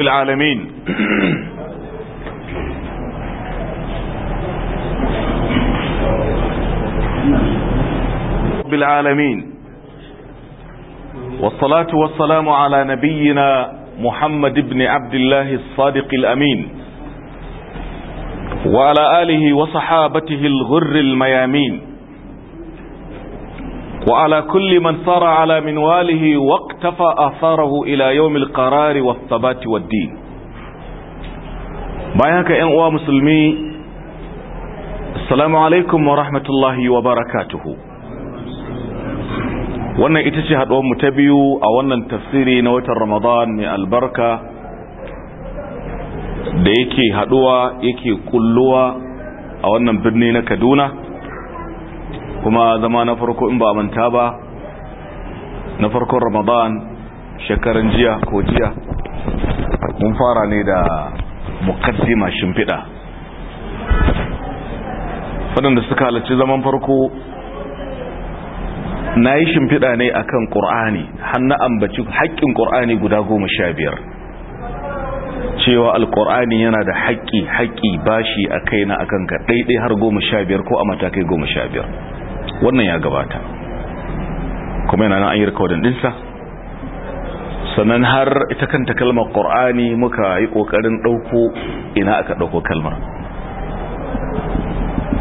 العالمين بالعالمين والصلاة والسلام على نبينا محمد بن عبد الله الصادق الأمين وعلى آله وصحابته الغر الميامين وعلى كل من صار على منواله واقتفى أثاره إلى يوم القرار والثبات والدين بايهاك أنواع مسلمي السلام عليكم ورحمة الله وبركاته wannan ita ce haɗuwanmu ta biyu a wannan tafsiri na watan ramadan mai albarka da yake haɗuwa yake kulluwa a wannan birni na kaduna kuma zama na farko in ba manta ba na farkon ramadan shekaran jiya ko jiya mun fara ne da mukaddima shimfiɗa waɗanda suka halarci zaman farko na yi shimfiɗa ne a kan ƙur'ani hannu ambaci haƙƙin ƙur'ani guda goma sha biyar cewa alƙur'ani yana da haƙƙi haƙƙi bashi a kaina a kanka ɗaiɗai har goma sha biyar ko a matakai goma sha biyar wannan ya gabata kuma yana nan an yi rikodin dinsa sannan har ita kanta kalmar ƙor'ani muka yi ƙoƙarin ɗauko ina aka ɗauko kalmar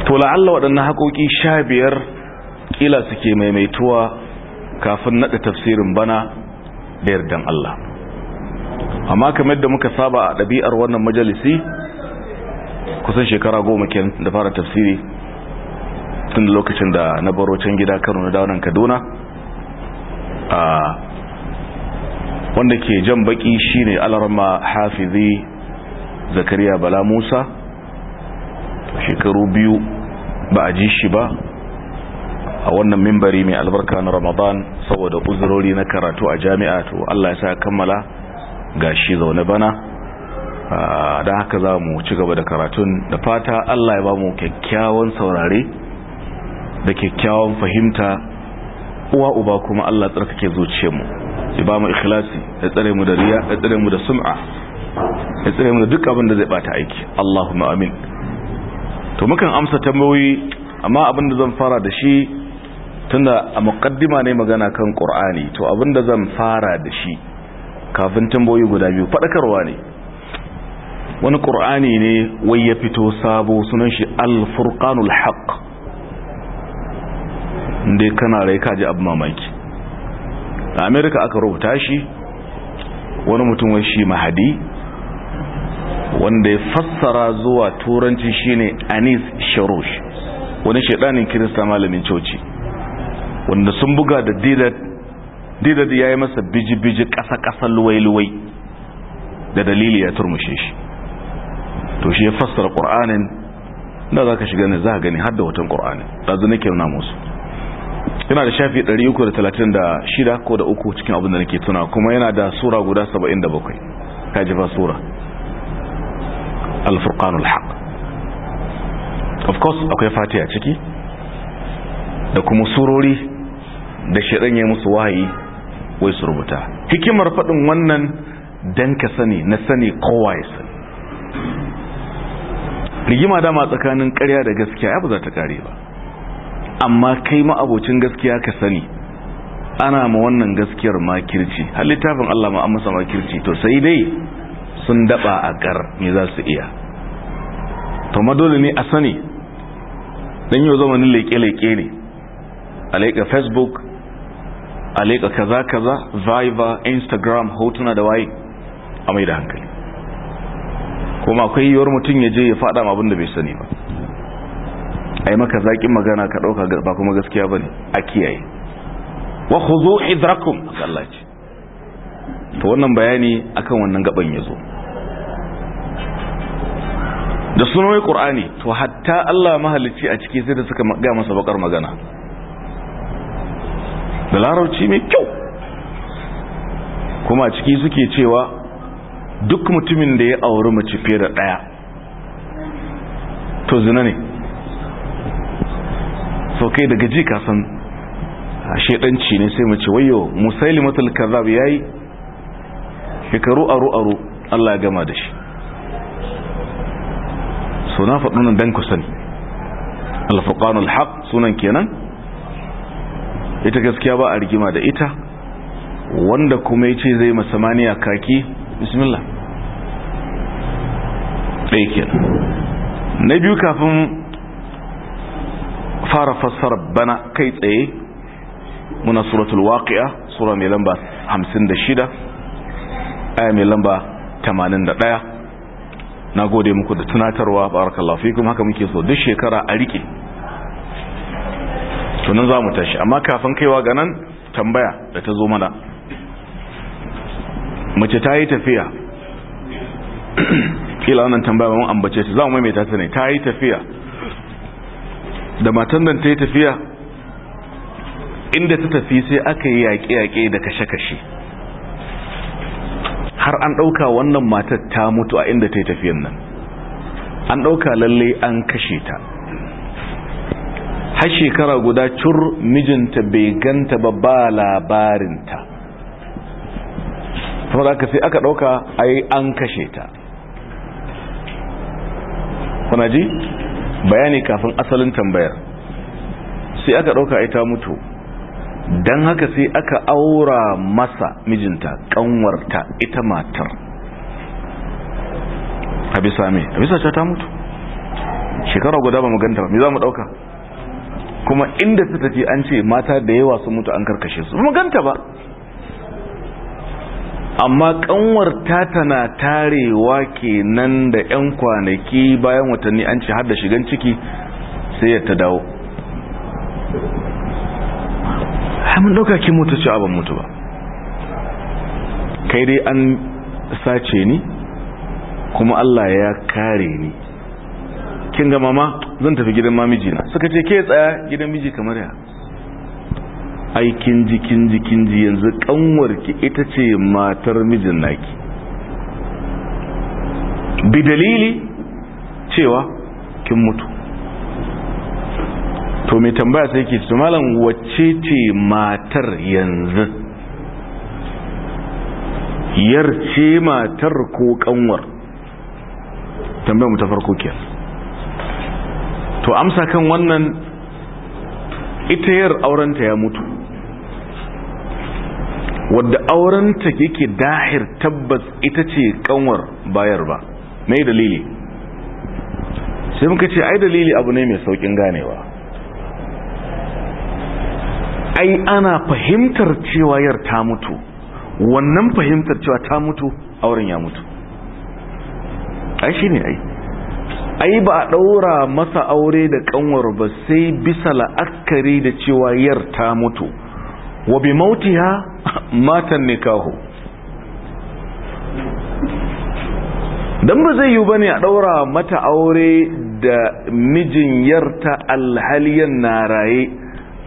to Allah waɗannan haƙoƙi sha biyar ƙila suke maimaituwa kafin naɗa tafsirin bana da yardan Allah amma kamar da muka saba a ɗabi'ar wannan majalisi kusan shekara goma kenan da fara tafsiri tun lokacin da na baro can gida kano na daunan kaduna a wanda ke jan baki shine alarma hafizi zakariya bala musa shekaru biyu ba a ji shi ba a wannan mimbari mai albarka na ramadan saboda uzurori na karatu a jami'a to allah ya sa kammala ga shi zaune bana da haka za mu ci gaba da karatun da fata Allah ya ba mu kyakkyawan saurare da kyakkyawan fahimta uwa uba kuma Allah tsarkake zuciyar mu ya ba mu ikhlasi ya tsare mu da riya ya tsare mu da sum'a ya tsare mu da duk abin da zai bata aiki Allahumma amin to mukan amsa tambayoyi amma abin da zan fara da shi tunda a muqaddima ne magana kan Qur'ani to abin da zan fara da shi kafin tambayoyi guda biyu fadakarwa ne wani ƙur'ani ne wai ya fito sabo sunan shi al-furqanul haqq inda kana rai kaji abu mamaki a amerika aka rubuta shi wani mutum shi mahadi wanda ya fassara zuwa turanci shine anis sharosh wani shaidanin kirista malamin coci wanda sun buga da didad ya yi masa biji-biji ƙasa-ƙasa luwai-luwai da dalili ya turmushe shi to shi ya fassara ƙur'anin da za ka shiga ne za ka gani har da watan ƙur'anin ɗazu na kirna musu yana da shafi 336 ko da uku cikin abin da nake tuna kuma yana da sura guda 77 ta jifa sura alfurkanul haq of course akwai a ciki da kuma surori da shirin ya musu wahayi wai su rubuta hikimar faɗin wannan dan ka sani na sani kowa ya sani rigima dama tsakanin karya da gaskiya ya ba za ta kare ba amma kai ma abocin gaskiya ka sani ana ma wannan gaskiyar makirci har littafin Allah ma an masa makirci to sai dai sun daba a kar me za su iya to ma dole ne a sani dan yau zamanin leke-leke ne a leƙa facebook a leƙa kaza-kaza viber instagram hotuna da waye a mai da hankali kuma akwai yiwuwar mutum ya je ya faɗa ma abin da bai sani ba ai maka zaƙin magana ka ɗauka ba kuma gaskiya bane a kiyaye wa khudhu idrakum Allah to wannan bayani akan wannan gaban yazo da sunoyi qur'ani to hatta Allah mahalicci a ciki sai da suka ga masa bakar magana da larabci mai kyau kuma a ciki suke cewa duk mutumin da ya auri mace fiye da daya to zina ne so kai daga ji ka san shedanci ne sai mu ce wayo musailimatul kazzab yayi shekaru aru aru Allah ya gama da shi so na nan dan ku sani al haq sunan kenan ita gaskiya ba a rigima da ita wanda kuma yace zai masamaniya kaki bismillah ɗaya kenan na biyu kafin fara fassara bana kai tsaye muna suratul waqi'a sura mai lamba 56 aya mai lamba 81 na gode muku da tunatarwa barakallahu fikum haka muke so duk shekara a rike tunan za mu tashi amma kafin kaiwa ga nan tambaya da ta zo mana mace ta yi tafiya kila wannan tambaya mun ambace ta za mu maimaita ta ne ta yi tafiya da matan nan ta yi tafiya inda ta tafi sai aka yi yaƙe-yaƙe da kashe-kashe har an ɗauka wannan matar ta mutu a inda ta yi tafiyan nan an ɗauka lalle an kashe ta har shekara guda cur mijinta bai ganta ba ba labarinta da aka sai aka ɗauka ai an kashe ta kuna ji bayani kafin asalin tambayar sai aka ɗauka ita mutu dan haka sai aka aura masa mijinta kanwarta ita matar Abi me a ta mutu shekara guda ba mu ganta ba me za mu ɗauka kuma inda ta tafi an ce mata da yawa sun mutu an karkashe su mu ganta ba amma kanwar ta tana tarewa kenan da 'yan kwanaki bayan watanni an ce har da shigan ciki sai ya ta dawo hamun ɗauka ki mutu ce abin mutu ba kai dai an sace ni kuma Allah ya kare ni kin ga mama zan tafi gidan na suka ce ke tsaya gidan miji kamar ya aikin jikin jikin ji yanzu kanwarki ita ce matar mijin naki bi dalili cewa kin mutu to mai tambaya sai ke su malam wacce ce matar yanzu Yar ce matar ko kanwar tambayar mu ta farko kenan to amsa kan wannan ita yar aurenta ya mutu wadda aurenta yake dahir tabbas ita ce kanwar bayar ba mai dalili sai muka ce ai dalili abu ne mai saukin ganewa ai ana fahimtar cewa yar ta mutu wannan fahimtar cewa ta mutu auren ya mutu ai shi ne ai ai ba a ɗaura masa aure da kanwar ba sai bisa la'akari da cewa yar ta mutu wa bi mautiha matan nikahu dan ba zai yi bane a daura mata aure da mijin yarta alhaliyan na raye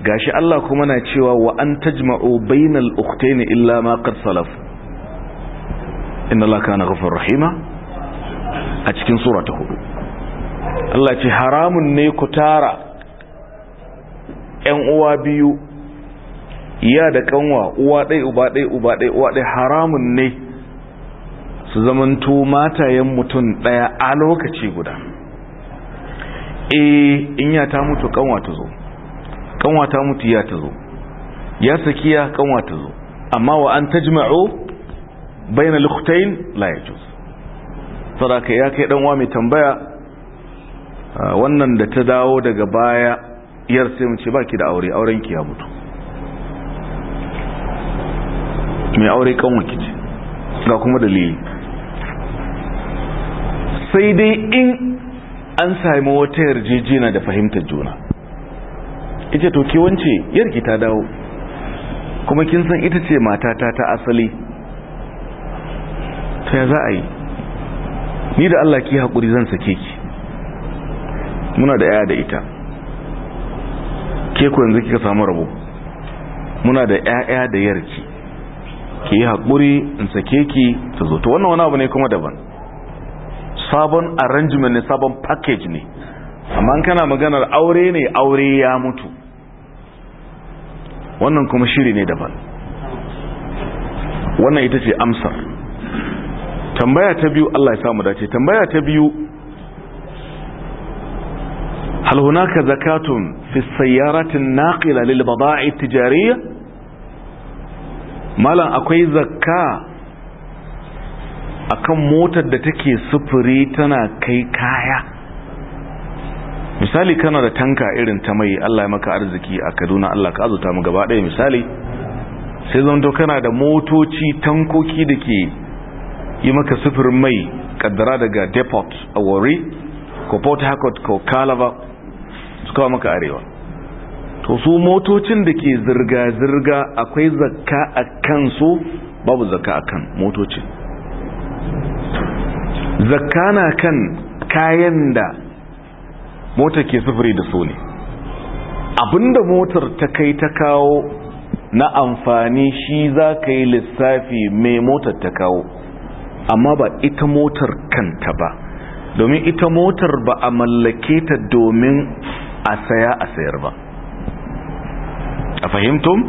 gashi Allah kuma na cewa wa an tajma'u bainal ukhtayn illa ma qad salaf inna Allah kana ghafurur rahima a cikin sura ta hudu Allah ce haramun ne ku tara ƴan uwa biyu ya da kanwa uwa ɗai uba ɗai uba ɗai uwa ɗai haramun ne su zamanto matayen mutum ɗaya a lokaci guda e in ya ta mutu kanwa ta zo kanwa ta mutu ya ta zo ya sakiya kanwa ta zo amma wa an tajma'u bayan lukutain la jus. saraka ya kai dan mai tambaya ah, wannan da ta dawo daga baya yar sai mu ce baki da aure auren ki ya mutu mai aure kan ce? ga kuma dalili sai dai in an sami wata yarjejina da fahimtar juna ita to ke wance yarki ta dawo kuma kin san ita ce matata ta asali ta ya za a yi ni da Allah ki haƙuri zan sake ki muna da yaya da ita ke ku yanzu kika samu rabo muna da yaya da yarki ki yi haƙuri in sake ki ta zo to wannan wani abu ne kuma daban sabon arrangement ne sabon package ne amma kana maganar aure ne aure ya mutu wannan kuma shiri ne daban wannan ita ce amsar tambaya ta biyu Allah ya samu dace tambaya ta biyu hal hunaka zakatun fi sayyaratin naqila lil bada'i tijariyah malam akwai zakka akan motar da take sufuri tana kai kaya misali kana da tanka irin ta mai Allah ya maka arziki a Kaduna Allah ka azuta mu gaba ɗaya misali sai zanto kana da motoci tankoki da ke yi maka sufurin mai kaddara daga depot a wari ko port harcourt ko calabar su maka arewa to su motocin da ke zirga-zirga akwai zakka a kansu babu zakka a kan motocin zakka na kan kayan da motar ke sufuri da su ne abinda motar ta kai ta kawo na amfani shi za ka yi lissafi mai motar ta kawo amma ba ita motar kanta ba domin ita motar ba a mallake ta domin a saya a sayar ba a fahimtum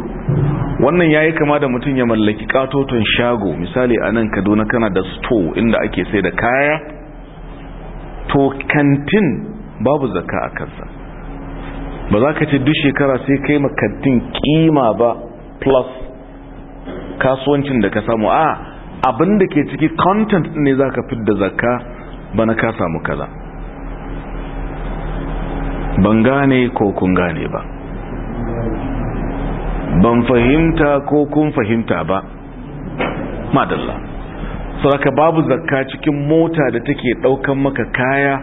wannan ya yi kama da mutum ya mallaki katoton shago misali a nan kaduna kana da store inda ake sai da kaya to kantin babu zaka a kansa ba za ka ce duk shekara sai kai makantin kima ba plus kasuwancin da ka samu a abin da ke ciki content ne za ka fi da zaka na ka samu kaza ban gane ko kun gane ba ban fahimta ko kun fahimta ba madalla babu zakka cikin mota da take daukan maka kaya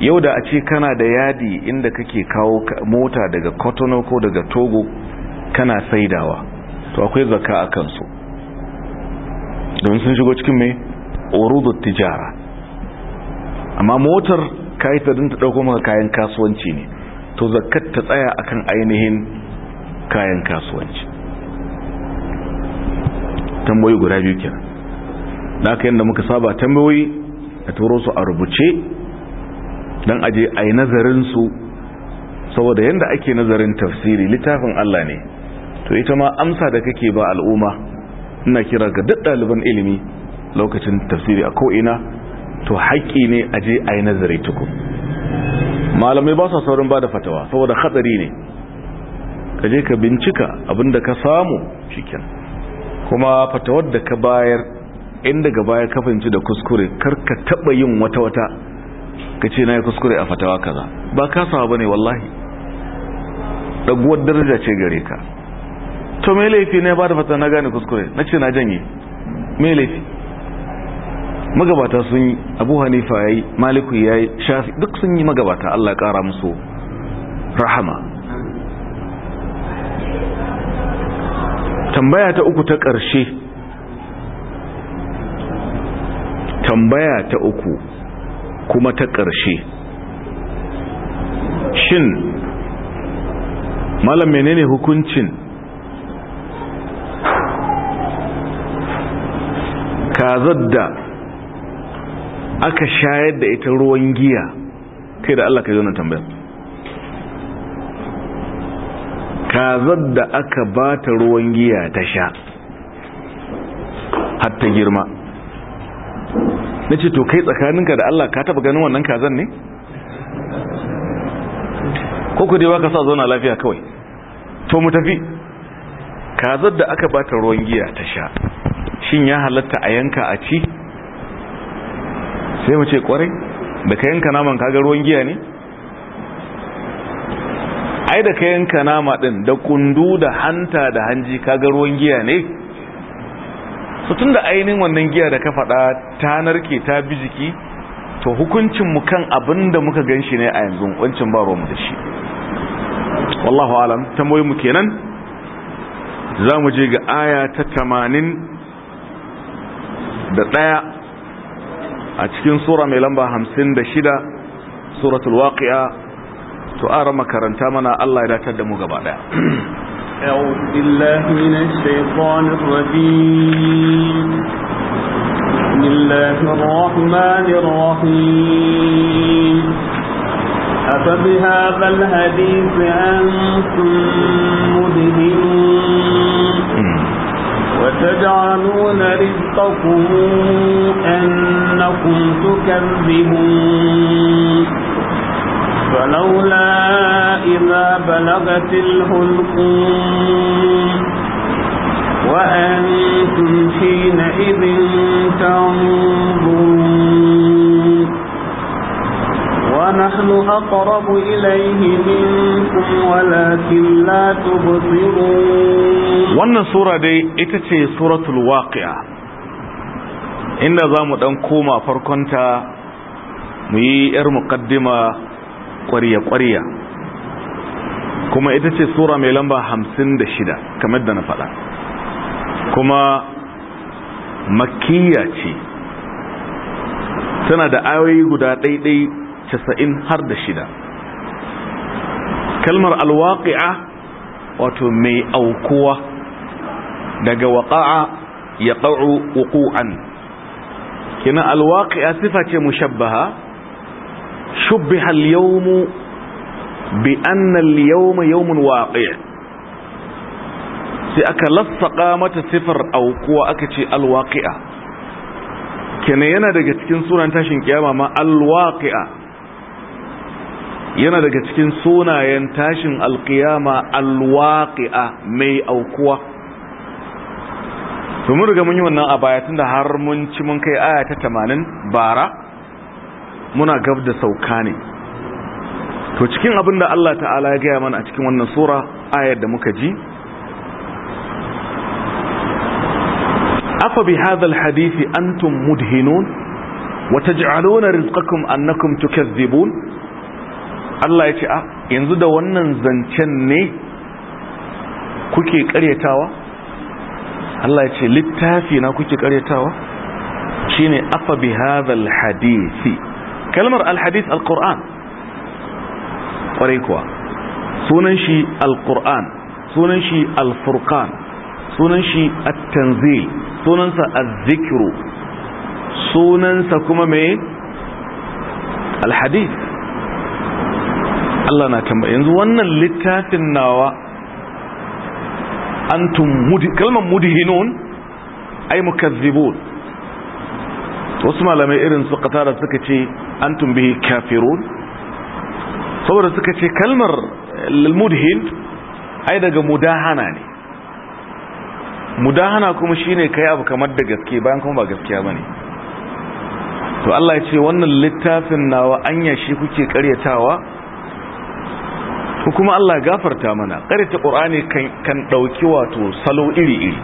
yau da a ce kana da yadi inda kake kawo mota daga kotono ko daga togo kana saidawa to akwai zakka a kansu Don sun shigo cikin mai urudu tijara amma motar kayi ta dinta dauko maka kayan kasuwanci ne to zakkar ta tsaya akan ainihin kayan kasuwanci tambayoyi guda biyu kenan da aka yadda muka saba tambayoyi a turo su a rubuce don aje a yi nazarinsu saboda yadda ake nazarin tafsiri littafin Allah ne to ita ma amsa da kake ba al'umma ina kira ga duk ɗaliban ilimi lokacin tafsiri a ko'ina to haƙƙi ne aje a yi nazari tukun malamai ba su saurin ba da fatawa saboda hatsari ne ka je ka bincika abinda ka samu cikin kuma fatawar da ka bayar in daga baya ka fahimci da kuskure kar ka taba yin wata wata ka ce na yi kuskure a fatawa kaza ba ka sawa ne wallahi ɗaguwar daraja ce gare ka to me laifi ne ba da fata na gane kuskure na ce na janye me laifi magabata sun yi abu hanifa ya yi maliku ya yi shafi duk sun yi magabata allah kara musu rahama tambaya ta uku ta ƙarshe tambaya ta uku kuma ta ƙarshe shin malam menene hukuncin kazar da aka shayar da ita ruwan giya kai da Allah ka zo na tambayar kazar da aka ba ta ruwan giya ta sha har ta girma na ce to kai tsakaninka da Allah ka taba ganin wannan kazan ne? ko ku ba ka sa zauna lafiya kawai to mu tafi kazar da aka ba ta ruwan giya ta sha shin ya halatta a yanka a ci? sai mu ce kwarai da ka yanka naman kaga ruwan giya ne? ai da ka yanka nama din da kundu da hanta da hanji ka ga ruwan giya ne su tun da ainihin wannan giya da ka faɗa ta narke ta bi jiki to hukuncin mu kan abinda muka ganshi ne a yanzu wancin ba ruwan da shi wallahu alam tambayoyin mu kenan za mu je ga aya ta tamanin da ɗaya a cikin sura mai lamba hamsin da shida suratul waqi'a to ara makaranta mana Allah ya datar da mu gaba daya أعوذ بالله من الشيطان الرجيم بسم الله الرحمن الرحيم أفبهذا الحديث أنتم مدهنون وتجعلون رزقكم أنكم تكذبون فلولا إذا بلغت الحلقوم وأنتم حينئذ تنظرون ونحن أقرب إليه منكم ولكن لا تبصرون wannan sura dai ita ce suratul waqi'a inda za mu ɗan koma farkonta mu yi 'yar muƙaddima ƙwarya-ƙwarya kuma ita ce sura mai lamba hamsin da shida kamar da na faɗa kuma makiya ce tana da ayoyi guda ɗaiɗai casa'in har da shida kalmar alwaƙi'a wato mai aukuwa daga waƙa'a ya ƙa'u wuku'an kina alwaƙi'a sifa ce mushabbaha shubbiha al-yawm bi anna al-yawm yawmun waqi' sai aka lassaka mata sifar aukuwa aka ce al-waqi'a kene yana daga cikin sunan tashin kiyama ma al-waqi'a yana daga cikin sunayen tashin al-qiyama al mai aukuwa to mun riga mun yi wannan a baya da har mun ci mun kai aya ta tamanin bara muna gab da sauka ne to cikin abin da Allah ta'ala ya gaya mana a cikin wannan sura ayar da muka ji afa bi hadhal hadithi antum mudhinun wa taj'aluna rizqakum annakum tukazzibun Allah ya ce a ah, yanzu da wannan zancen ne kuke karyatawa Allah ya ce littafi na kuke karyatawa shine afa bi hadhal hadisi. kalmar alhadis alkur'an kwarai kuwa sunan shi alkur'an sunan shi alfurkan sunan shi attanzil sunansa azzikiru sunansa kuma me? alhadis Allah na tambaya yanzu wannan littafin nawa antum kalmar mudhinun ay mukazzibun wasu malamai irin su qatara suka ce antum bihi kafirun saboda suka ce kalmar lalmudhin, eh, ai daga mudahana ne mudahana kuma shine kai abu kamar da gaske bayan kuma ba gaskiya bane to Allah ya ce wannan littafin nawa anya shi kuke karyatawa ko kuma Allah ya gafarta mana karyata qur'ani kan kan dauki wato salo iri iri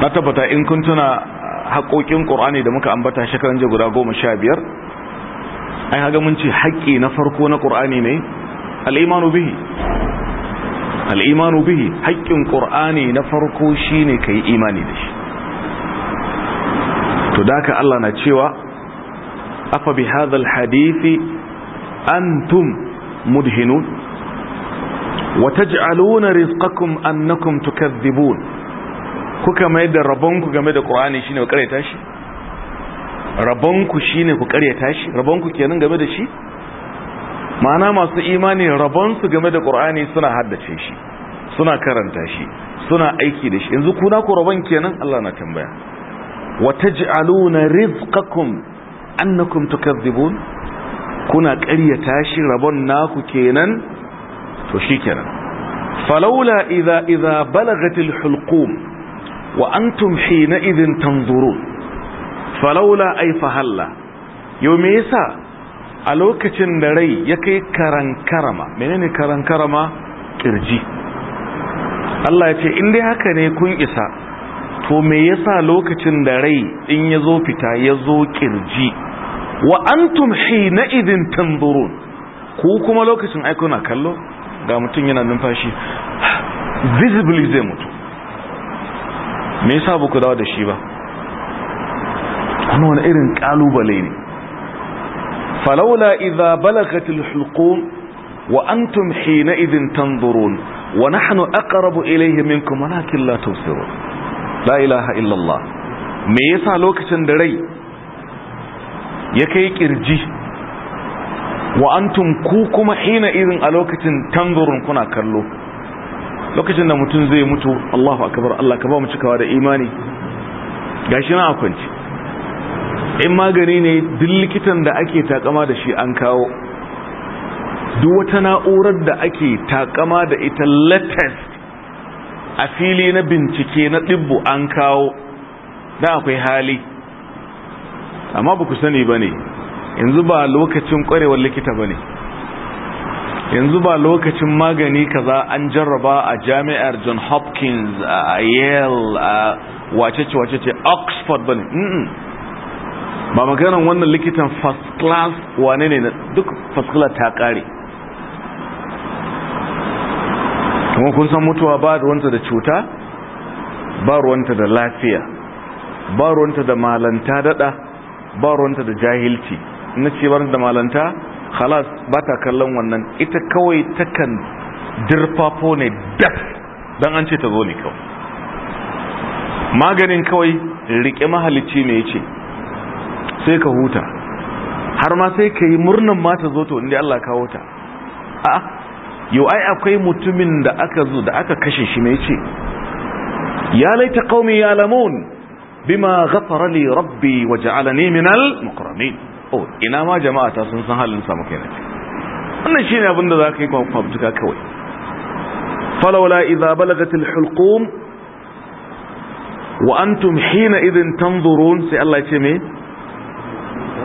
na tabbata in kun tuna haƙoƙin ƙur'ani da muka ambata shekaran jiya guda goma sha biyar ai haga mun ce haƙƙi na farko na ƙur'ani ne al'imanu bihi al'imanu bihi haƙƙin na farko shi ne ka yi imani da shi to da Allah na cewa afa bi hadhal hadithi antum mudhinun wa taj'aluna rizqakum annakum tukadhibun kuka mai da rabonku game da ƙur'ani shine ku ƙaryata shi rabonku shine ku ƙaryata shi rabonku kenan game da shi ma'ana masu imani rabonsu game da ƙur'ani suna haddace shi suna karanta shi suna aiki da shi yanzu kuna ku rabon kenan Allah na tambaya wa taj'aluna rizqakum annakum tukadhibun kuna ƙaryata shi rabon naku kenan to shikenan falawla idza idza balagatil hulqum wa antum na idin tanzuru falaula ai fahalla yau me yasa a lokacin da rai ya kai karankarama menene karankarama kirji Allah ya ce in dai haka ne kun isa to me yasa lokacin da rai in ya zo fita ya zo ƙirji? wa antum na idin tanzuru ku kuma lokacin ai kuna kallo ga mutum yana numfashi visibly zai mutu me yasa ba ku dawo da shi ba wani irin kalubale ne falaula idza balagatil hulqum wa antum hina idhin tanzurun wa nahnu aqrabu ilayhi minkum walakin la tubsirun la ilaha illa me yasa lokacin da rai ya kai kirji wa antum ku kuma hina irin a lokacin tanzurun kuna kallo lokacin da mutum zai mutu Allahu akbar Allah ka ba mu cikawa da imani gashi na akwanci in magani ne duk likitan da ake takama da shi an kawo duk wata na'urar da ake takama da ita latest a fili na bincike na dibbu an kawo da akwai hali amma ba ku sani ba ne yanzu ba lokacin kwarewar likita ba ne yanzu ba lokacin magani kaza an jarraba a jami'ar john hopkins a yale a wacece wacece oxford ba ne ba maganin wannan likitan first class wane ne duk first class ta kare kuma kun san mutuwa ba ruwanta da cuta ba ruwanta da lafiya ba ruwanta da malanta dada ba ruwanta da jahilci na ce da malanta khalas ba ta kallon wannan ita kawai takan dirfafo ne daf Dan an ce ta zo ne kawai maganin kawai rike mahalicci ne ce sai ka huta har ma sai ka yi murnan ma ta zo to inda Allah kawo ta a yau ai akwai mutumin da aka zo da aka kashe shi mai ce ya laita qaumi lamun bima ghafara li rabbi waja'alani minal mukramin oh ina ma jama'a ta sun san halin samu kenan wannan shine abin da zaka yi kwamfuta kawai falawla idza balagatil hulqum wa antum hina idin tanzurun sai Allah ya ce me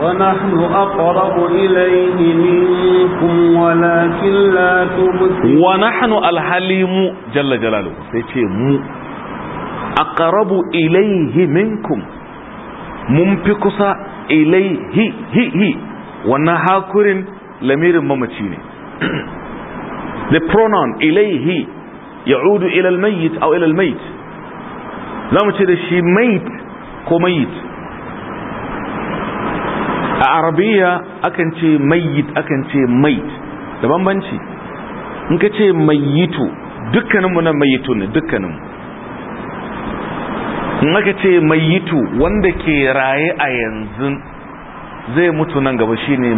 ونحن أقرب إليه منكم ولكن لا تبصرون ونحن الحليم جل جلاله سيتي مو أقرب إليه منكم mun fi kusa ilaihi hi wannan hakurin lamirin mamaci ne the pronoun ilaihi ya'udu ila al-mayyit aw ila al-mayyit zamu ce da shi mayit ko mayit a arabiya akan ce mayit akan ce mayit da bambanci in ka ce mayitu dukkaninmu na mayitu ne dukkaninmu in aka ce yitu wanda ke raye a yanzu zai mutu nan gaba shine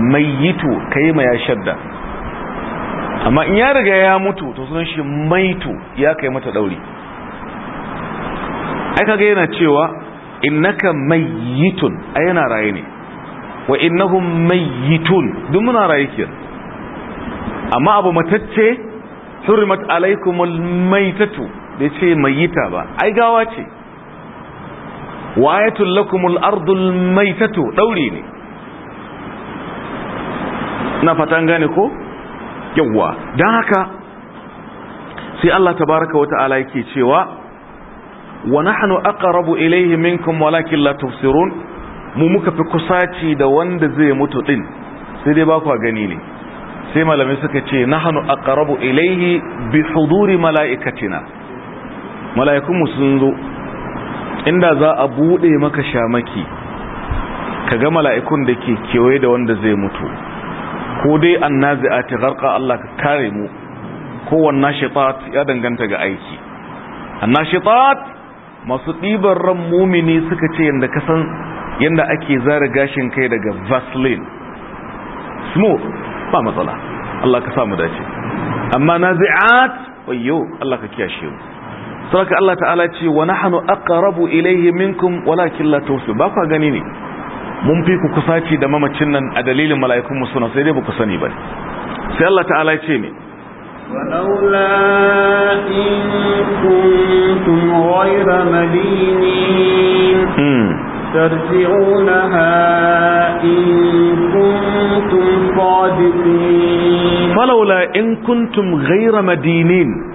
ka yi ma ya shadda amma in ya riga ya mutu to sunan shi maitu ya kai mata dauri ai kaga yana cewa innaka yitun ai yana raye ne wa innahum yitun duk muna raye ke amma abu matacce hurrimat alaikumul maitatu bai ce yita ba ai gawa ce wayatul lakumul ardul maitatu dauri ne na fatan gane ko yawa don haka sai Allah tabaraka wa ta'ala yake cewa wa nahnu aqrabu ilayhi minkum walakin la tubsirun mu muka fi kusaci da wanda zai mutu din sai dai ba ku gani ne sai malamai suka ce nahnu aqrabu ilayhi bi huduri malaikatina mu sun zo inda za a buɗe maka shamaki ka ga mala'ikun da ke kewaye da wanda zai mutu ko dai an nazi a tirarka Allah ka kare mu kowanne shifat ya danganta ga aiki an masu ɗiban ran mumini suka ce yadda kasan yadda ake zara gashin kai daga vaseline smooth ba matsala Allah ka samu dace amma nazi'at wayo Allah ka kiyashe mu saboda Allah ta'ala ce wa nahnu aqrabu ilayhi minkum walakin la tusu ba ku gani ne mun fi ku kusaci da mamacin nan a dalilin mala'ikun mu suna sai dai ba ku sani ba sai Allah ta'ala ce me in إن كنتم madinin. مدينين hmm. in إن كنتم صادقين فلولا in كنتم غير madinin.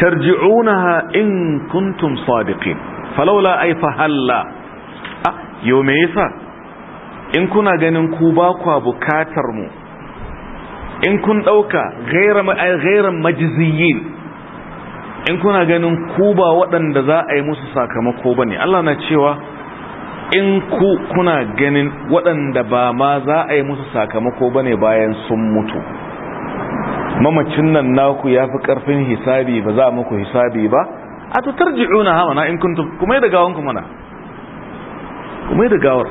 tarji'unaha in kuntum sadiqin falawla ay fahalla ah yo me yasa in kuna ganin ku kwa bukatar mu in kun ɗauka, ghayra majiziyin, majziyin in kuna ganin kuba ba waɗanda za a yi musu sakamako bane Allah na cewa in ku kuna ganin waɗanda ba ma za a yi musu sakamako bane bayan sun mutu mamacin nan naku ya fi ƙarfin hisabi ba za muku hisabi ba a tarji una ji'una na in kuntum kuma yi da gawon kuma na kuma yi da gawar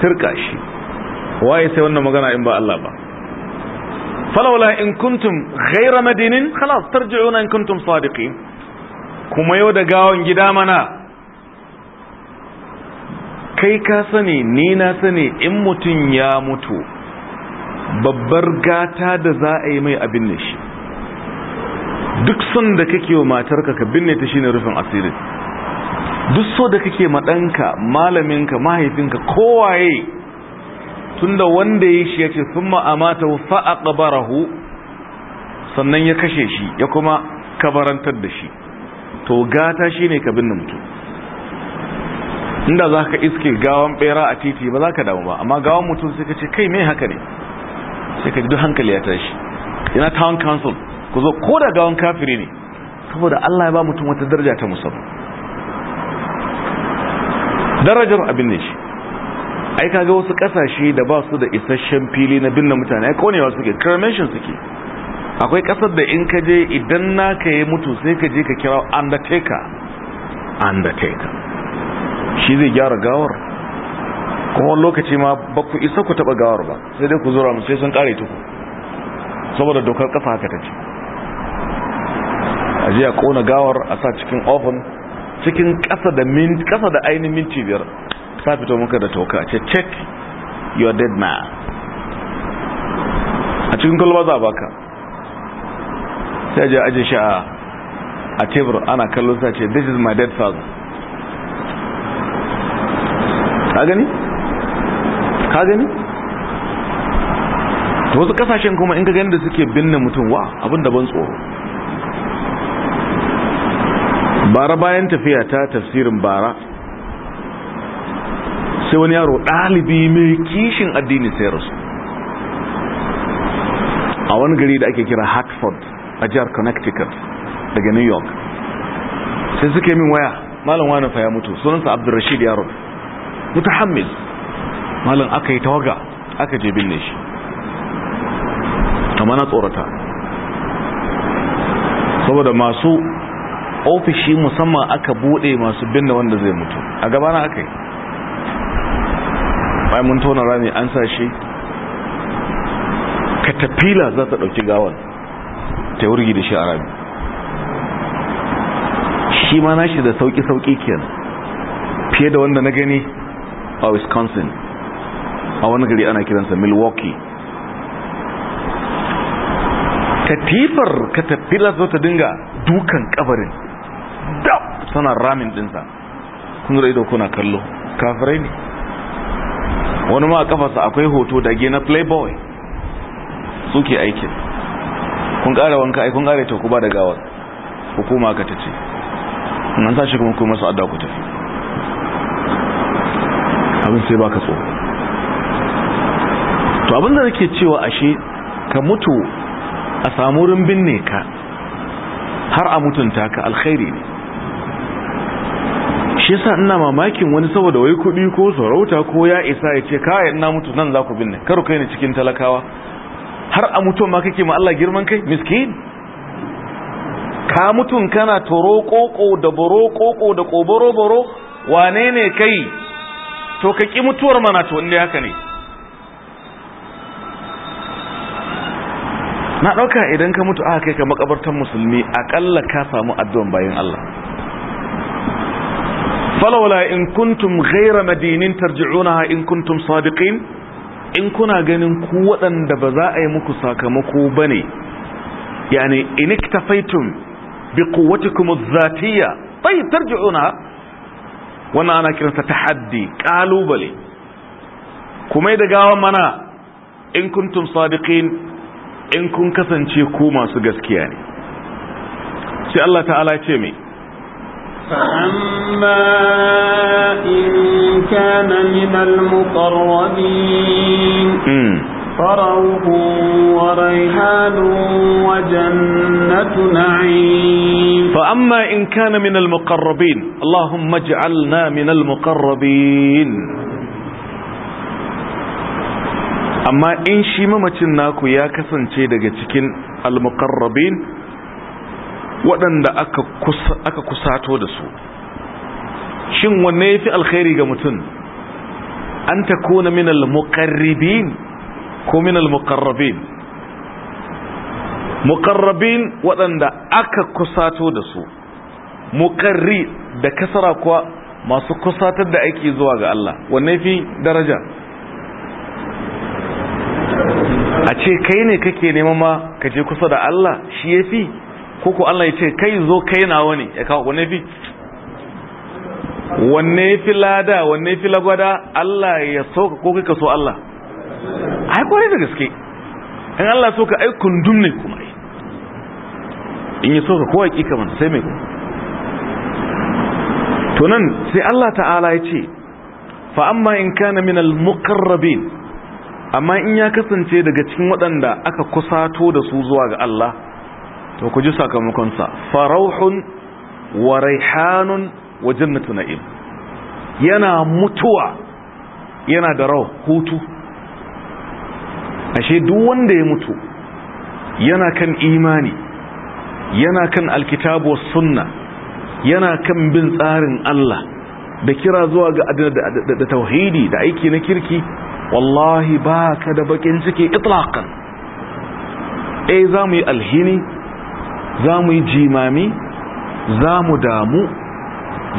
turka shi waye sai wannan magana in ba Allah ba falawala in kuntum ghaira madinin khalas una in kuntum sadiqin kuma yau da gawon gida mana kai ka sani ni na sani in mutum ya mutu babbar gata da za a yi mai abin ne shi duk sun da kake wa matarka ka binne ta shi ne rufin asirin duk so da kake maɗanka, malaminka mahaifinka kowaye da wanda ya shi ya ce sun ma'amata fa'a ƙabarahu sannan ya kashe shi ya kuma kabarantar da shi to gata shi ne ka binne mutum inda za ka iske gawan bera a titi ba za ka damu ba amma gawan mutum sai ka ce kai mai haka ne ka ji duk hankali ya tashi ina town council ku zo ko da gawan kafiri ne saboda Allah ya ba mutum wata daraja ta musamman darajar abin ne shi ai kaga wasu kasashe da ba su da isasshen fili na binne mutane ai konewa suke cremation suke akwai kasar da in ka je idan naka yi mutu sai ka je ka kira undertaker undertaker shi zai gyara gawar kuma wani lokaci ma ba ku isa ku taɓa gawar ba sai dai ku zura mu sai sun ƙare tuku saboda dokar ƙasa haka ta ce a jiya a ƙona gawar a sa cikin ofin cikin ƙasa da ƙasa da ainihin minti biyar ta fito muka da toka a ce check your dead man a cikin kwalba za a ka, sai jiya aji shi a tebur ana kallon sa ce this is my dead father ka gani ka gani ta wasu kasashen kuma in ka gani da suke binne mutum wa abin ban tsoro bara bayan tafiya ta tafsirin bara sai wani yaro ɗalibi mai kishin addini sai rasu a wani gari da ake kira hartford a jihar connecticut daga new york sai suke min waya malam wani faya ya mutu sunansa abdurrashid yaro mutahammiz malam aka yi tawaga aka je binne shi amma na tsorata saboda masu ofishi musamman aka bude masu binne wanda zai mutu a gabana aka yi bayan mun tona rami an sa shi katafila za ta ɗauki gawan ta wurgi da shi a rami shi ma nashi da sauki sauki kenan fiye da wanda na gani a wisconsin a wani gari ana kiransa milwaukee katifar katafila zo ta dinga dukan kabarin da tana ramin dinsa kun zura ido kuna kallo kafirai ne wani ma a kafasa akwai hoto da na playboy suke aikin kun kara wanka aikun kun kare ta kuba da gawar hukuma ka ta ce nan sashi kuma kuma su adda ku tafi abin sai baka tsoro to abinda nake cewa ashe ka mutu a samu rumbin ne ka har a mutunta ka alkhairi ne shi yasa ina mamakin wani saboda wai kudi ko sarauta ko ya isa ya ce kai ina mutu nan za ku binne karo kai ne cikin talakawa har a mutu ma kake ma Allah girman kai miskin ka mutun kana toro koko da boro koko da koboro boro wane ne kai to ka ki mutuwar mana to inda haka ne na ɗauka idan ka mutu aka kai ka makabartar musulmi aƙalla ka samu addu'an bayan Allah falawala in kuntum gaira madinin tarji'unaha in kuntum sadiqin in kuna ganin ku waɗanda ba za a yi muku sakamako bane yani in iktafaitum bi quwwatikum zatiya? dhatiyya tayyib tarji'unaha wannan ana kiransa tahaddi kalubale kuma da gawa mana in kuntum sadiqin in kun kasance ku masu gaskiya ne sai Allah ta'ala ce mai fa'amma in kana minal muqarrabin hmm. farahu wa raihanu wa jannatun na'im fa'amma in kana minal muqarrabin allahumma ij'alna minal muqarrabin amma in shi mamacin naku ya kasance daga cikin almuqarrabin waɗanda aka kusa aka kusato da su shin wanne yafi alkhairi ga mutum an takuna min almuqarribin ko min almuqarrabin muqarrabin waɗanda aka kusato da su da kasara kuwa masu kusatar da ake zuwa ga Allah wanne fi daraja a ce kai ne kake neman ma ka je kusa da Allah shi ya fi koko Allah ya ce kai zo kai nawa ne ya kawo wane fi wanne fi lada wanne fi lagwada Allah ya so ka ko kai ka so Allah ai kwarai da gaske in Allah so ka ai kundum ne kuma ai in ya so ka kowa kika mana sai mai to nan sai Allah ta'ala ya ce fa amma in kana min al-muqarrabin amma in ya kasance daga cikin waɗanda aka kusato da su zuwa ga Allah to ku ji sakamakonsa farauhun wa raihanun wa jannatu na'im yana mutuwa yana da rawa hutu ashe duk wanda ya mutu yana kan imani yana kan alkitabu was sunna yana kan bin tsarin Allah da kira zuwa ga da tauhidi da aiki na kirki wallahi ba ka da bakin ciki itlaqan eh za mu yi alhini za mu yi jimami za mu damu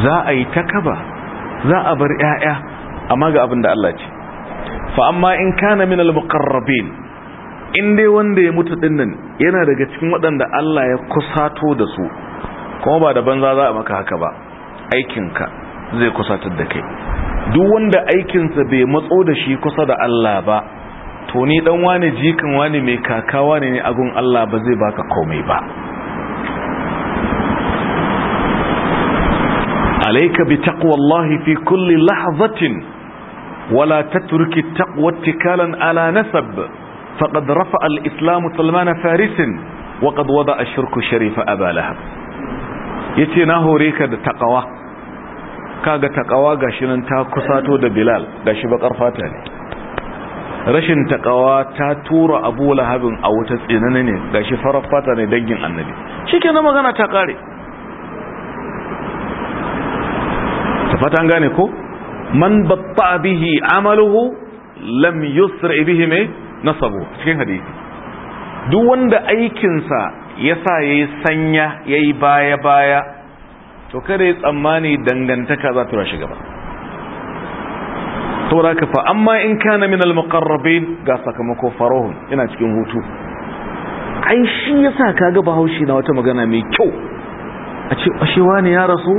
za a yi takaba za a bar 'ya'ya amma ga abin da Allah ce fa amma in kana min al-muqarrabin in dai wanda ya mutu dinnan yana daga cikin waɗanda Allah ya kusato da su kuma ba da banza za a maka haka ba aikinka zai kusatar da kai duk wanda aikinsa bai matso da shi kusa da Allah ba to ni dan wani jikin wani mai kakawa ne agun Allah ba zai baka komai ba alayka bi taqwallahi fi kulli lahzatin wala tatruki taqwa ittikalan ala nasab faqad rafa al-islam salman faris wa qad wada ash-shirku sharifa aba lahab yace na hore ka da taqwa kaga takawa gashi nan ta kusato da bilal gashi bakar fata ne rashin takawa ta tura abu lahabin a wuta tsinani ne gashi farar fata ne dangin annabi shike na magana ta kare ta fata an gane ko man batta bihi amaluhu lam Yusra bihi mai nasabu cikin hadisi duk wanda aikinsa ya sa yayi sanya yayi baya baya to kare tsammani dangantaka za ta rashi gaba saboda raka fa amma in kana min al-muqarrabin ga sakamako farohun ina cikin hutu ai shi yasa kaga bahaushe na wata magana mai kyau a ce ashe wani ya rasu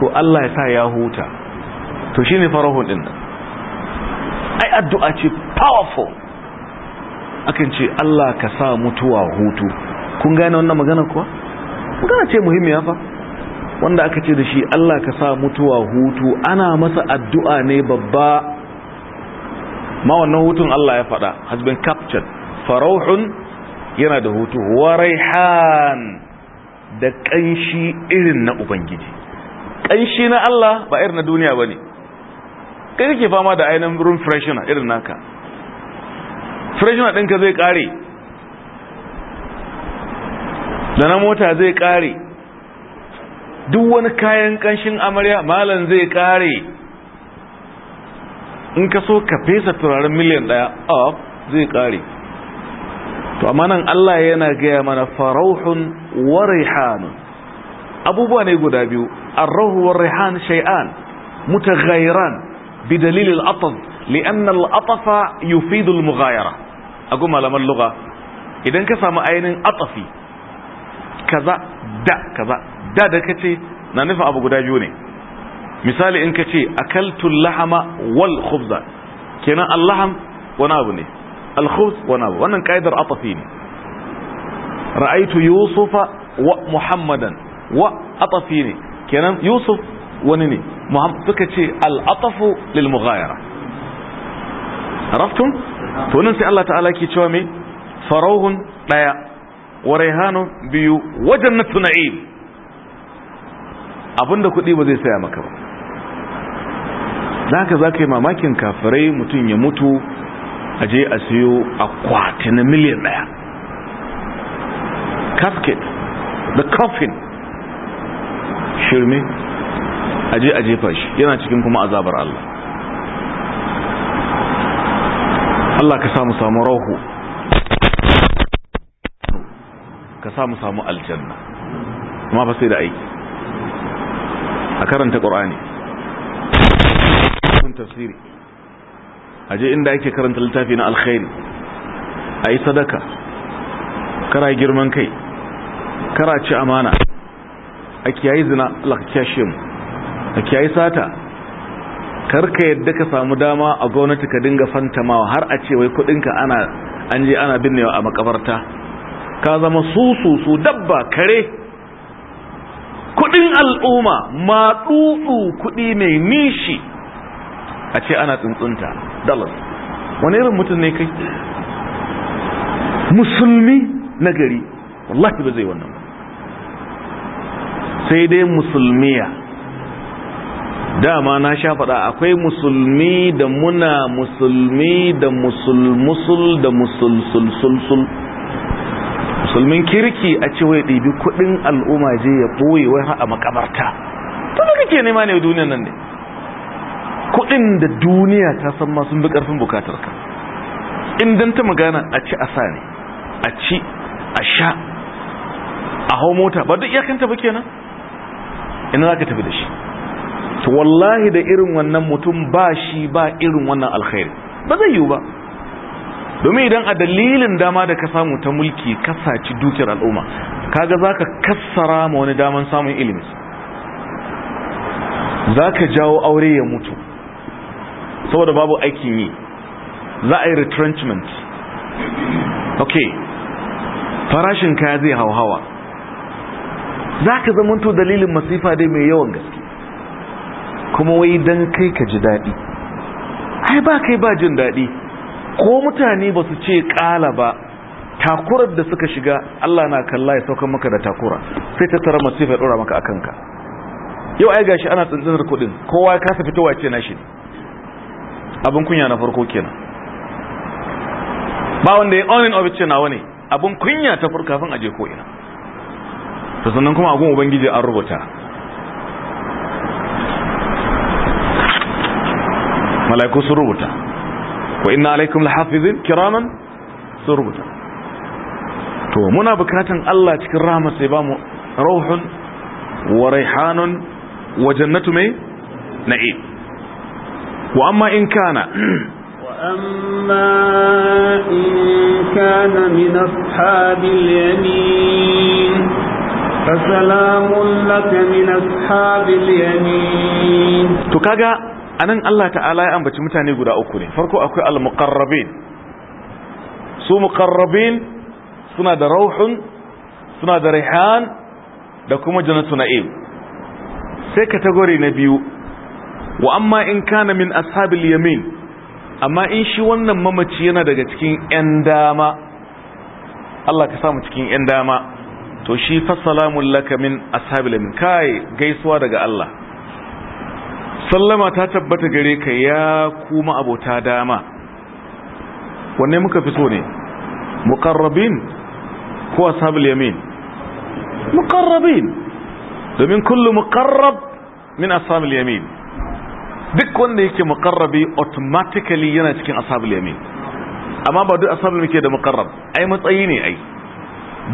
to Allah ya sa ya huta to shine farohun din ai addu'a ce powerful akan ce Allah ka sa mutuwa hutu kun gane wannan magana kuwa magana ce muhimmiya fa wanda aka ce da shi Allah ka sa mutuwa hutu ana masa addu'a ne babba ma wannan hutun Allah ya faɗa has been captured farauhun yana da hutu waraihan da ƙanshi irin na ubangiji ƙanshi na Allah ba irin na duniya ba ne kai kike fama da ainin room freshener irin naka freshener ɗinka zai ƙare da na mota zai ƙare duk wani kayan kanshin amarya malam zai kare in ka so ka fesa turaren miliyan daya a zai kare to amma nan Allah yana gaya mana farauhun wa rihan abubuwa ne guda biyu arruhu wa rihan shay'an mutaghayiran bi dalil al-ataf lian al-atafa yufidu al-mughayara a malaman lugha idan ka samu ainin atafi kaza da kaza da da ce na nufin abu guda biyu ne misali in ka kace akaltu lahama wal khubza kenan allaham wani abu ne al khubz wani abu wannan kaidar atafi ne Ra'aitu yusufa wa muhammadan wa atafi ne kenan yusuf wani ne muhammad suka ce al atafu lil mughayara araftum to nan sai Allah ta'ala ke cewa me farauhun daya wa raihanu biyu wa jannatu na'im abinda kuɗi ba zai saya maka ba zaka zaka yi mamakin kafirai mutum ya mutu a je a siyo akwati na miliyan daya casket the coffin shirme a je a jefa shi yana cikin kuma azabar Allah Allah ka samu samu rahu ka samu samu aljanna amma fa sai da aiki a karanta qur'ani kun tafsiri aje inda ake karanta littafi na alkhairi ayi sadaka kara girman kai kara ci amana a zina Allah ka kiyashe mu a kiyayi sata karka yadda ka samu dama a gwamnati ka dinga fantamawa har a ce wai kudinka ana an je ana binnewa a makabarta ka zama su dabba kare kudin al'umma ma tsutsu kudi mai nishi a ce ana tsuntsunta dalas wani irin mutum ne kai musulmi na gari wallahi ba zai wannan sai dai musulmiya dama na sha faɗa akwai musulmi da muna musulmi da musulmusul da musulsulsulsul musulmin kirki a ce wai ɗibi kuɗin al'umma je ya ɓoye wai ha a makabarta to da kake nema ne duniyan nan ne kuɗin da duniya ta san ma sun bi ƙarfin bukatar ka in dan ta magana a ci a sa ne a ci a sha a hau mota ba duk iyakanta ba kenan ina za ka tafi da shi to wallahi da irin wannan mutum ba shi ba irin wannan alkhairi ba zai yiwu ba domin idan a dalilin dama da ka samu ta mulki kasaci dukiyar al'umma kaga zaka kassara ma wani daman samun ilimi zaka jawo aure ya mutu saboda babu aikin yi za a yi retrenchment Ok. farashin kaya zai hauhawa za ka to dalilin masifa dai mai yawan gaske kuma wai don kai ka ji daɗi ai ba kai ba jin daɗi ko mutane ba su ce kala ba takurar da suka shiga Allah na kalla ya saukan maka da takura sai ta tara masu ya maka a kanka yau ai gashi ana tsantsanar kuɗin kowa ka kasa fitowa ce na shi abin kunya na farko kenan ba wanda ya onin of ce nawa ne abin kunya ta farko kafin aje ko ina to sannan kuma abun ubangiji an rubuta mala'iku sun rubuta wa inna alaikum lahafizin kiraman sun rubuta to muna bukatan Allah cikin rahama sai ba mu rauhun wa raihanun wa jannatu mai na'im wa amma in kana وأما min كان من أصحاب اليمين فسلام لك من أصحاب اليمين تكاغا anan Allah ta'ala ya ambaci mutane guda uku ne farko akwai al-muqarrabin su muqarrabin suna da rauhun suna da rihan da kuma jannatu na'im sai category na biyu wa amma in kana min ashabil yamin amma in shi wannan mamaci yana daga cikin yan dama Allah ka samu cikin yan dama to shi fa salamun laka min ashabil yamin kai gaisuwa daga Allah sallama ta tabbata gare ka ya kuma abota dama wanne muka fi so ne muqarrabin ko ashabul yamin muqarrabin domin kullu muqarrab min ashabul yamin duk wanda yake muqarrabi automatically yana cikin ashabul yamin amma ba duk ashabul ke da muqarrab ai matsayi ne ai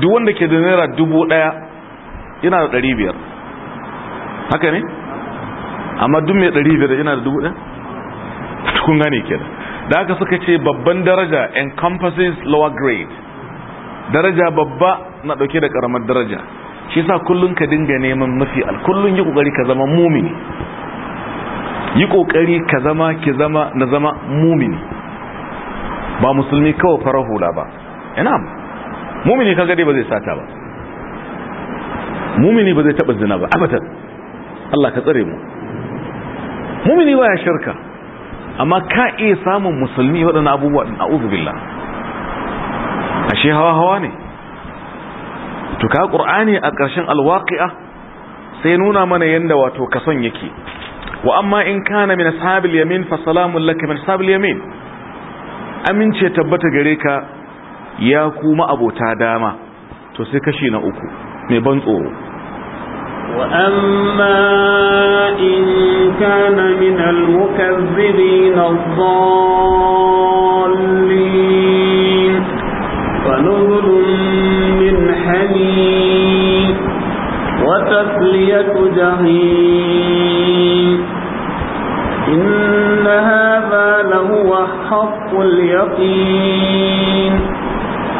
duk wanda ke da naira dubu ɗaya, yana da ɗari biyar haka ne amma duk mai biyar yana da dubu ɗaya kun gane ke da Da aka suka ce babban daraja encompasses lower grade daraja babba na ɗauke da ƙaramar daraja shi sa kullum ka dinga neman mafi alkullun yi ƙoƙari ka zama mumini yi ƙoƙari ka zama ki zama na zama mumini ba musulmi kawai farar hula ba ina mumini ka gade ba zai sata ba mumini ba zai taɓa zina ba Abatan. Allah ka tsare mu mumini ba ya shirka amma ka iya samun musulmi waɗannan abubuwa ɗin a'udhu a ashe hawa hawa ne Tuka ka a ƙarshen alwaƙi'a sai nuna mana yadda wato kason yake wa amma in kana min ashabil yamin fa salamun lak min ashabil yamin amince tabbata gare ka ya kuma abota dama to sai kashi na uku mai ban tsoro وأما إن كان من المكذبين الضالين فنزل من حميم وتسلية جهيم إن هذا لهو حق اليقين